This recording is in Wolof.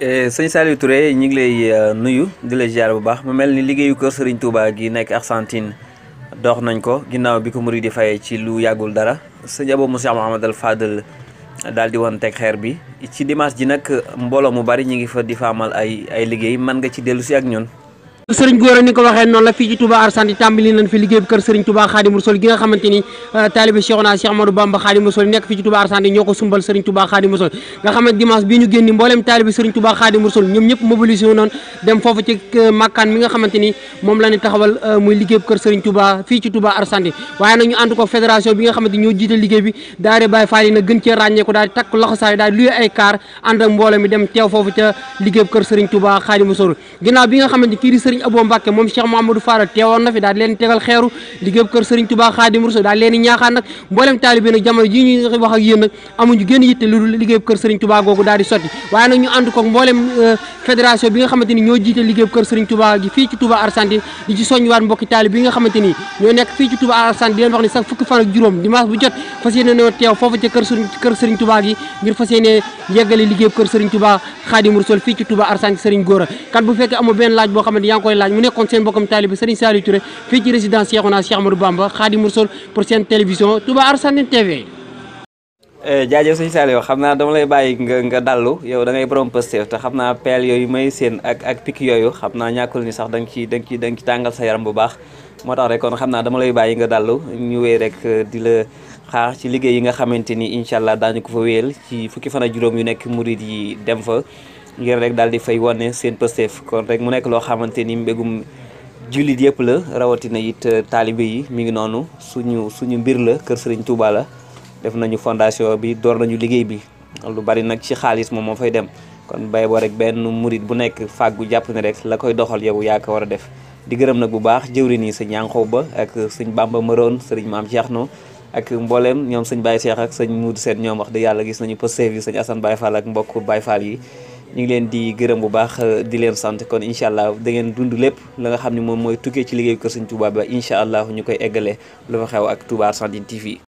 Eh, sëñ Saliou ture ñu ngi lay euh, nuyu di la bu baax mu mel ni liggéeyu kër Serigne Touba gi nekk Argentine dox nañ ko ginnaaw bi ko murid di fayee ci lu yàggul dara sa Abo Moussa Mouhamad Al Fadel daal di woon teg xeer bi ci dimanche ji nag mbooloo mu bari ñu ngi fa di fa ay ay liggéey mën nga ci dellu si ak ñun. sëriñ Gora ni ko waxee noonu la fii ci Touba Argentine fi liggéey bu kër sëriñ Touba Xaadimu Rasuul gi nga euh, euh, euh, bi nga xamante ñoo sëriñ sëriñ Abo Mbacke moom Cheikh Mouhamadou Fara teewoon na fi daal di leen tegal xeeru liggéeyub kër sëriñ Touba Khadim Rasul daal leen i ñaaxaan nag mboolem taalibe nag jamono ji ñuy wax ak yéen nag amuñu génn yitte lu dul liggéeyub kër sëriñ Touba googu daal di sotti waaye nag ñu ànd ko mboolem euh, fédération bi nga xamante ni ñoo jiite liggéeyub kër sëriñ Touba gi fii ci Touba Argentine di ci soññiwaat mbokki taalibe bi nga xamante ni ñoo nekk fii ci Touba Argentine di leen wax ni sax fukki fan ak juróom dimanche bu jot fas yéene noo teew foofu ca kër sëriñ kër sëriñ Touba gi ngir fas yéene yeggale liggéeyub kër sëriñ Touba Khadim Rasul fii ci Touba Argentine sëriñ Góora kan bu fekkee amu benn laaj boo xamante yaa ngi ko koy laaj mu nekkoon seen bokkam taalibe Serigne Saliou Touré fii ci résidence Cheikhouna Cheikh Amadou Bamba Khadimou Rassoul pour seen télévision Touba Argentine TV. Eh, xam naa dama lay bàyyi nga nga dallu yow da ngay borom Pastef te xam naa peel yooyu may seen ak ak yooyu xam naa ñàkkul ni sax da nga ci da nga tàngal sa yaram bu baax moo tax rek kon xam naa dama lay bàyyi nga dallu ñu wéy rek eh, di la xaar ci liggéey yi nga xamante ni incha allah daañu ko fa wéyal ci fukki fana juróom yu nekk murid yi dem fa ngir rek daal di fay wane seen pësteef kon rek mu nekk loo xamante ni mbégum jullit yëpp la rawatina it euh, taalibe yi mi ngi noonu suñu suñu mbir la kër Serigne Touba def nañu fondation bi door nañu liggéey bi lu bari nag ci xaalis moom moo fay dem kon bay boo rek benn murit bu nekk fàggu jàpp ne rek la koy doxal yow yaa ko war a def di gërëm nag bu baax jëwri yi sëñ Yankow ba ak sëñ Bamba Maroon sëriñ Maam Cheikh no ak mbooleem ñoom sëñ Baye Cheikh ak sëñ Moudou Sène ñoom wax dëgg yàlla gis nañu poste yi sëñ Assane Baye ak mbokk Baye yi ñu ngi leen di gërëm bu baax euh, di leen sant kon incha allah da ngeen dund lépp la nga xam ne moom mooy tukkee ci liggéey Kër Sëñ tubaab ba incha allah ñu koy eggalee lu fa xew ak Touba Argentine TV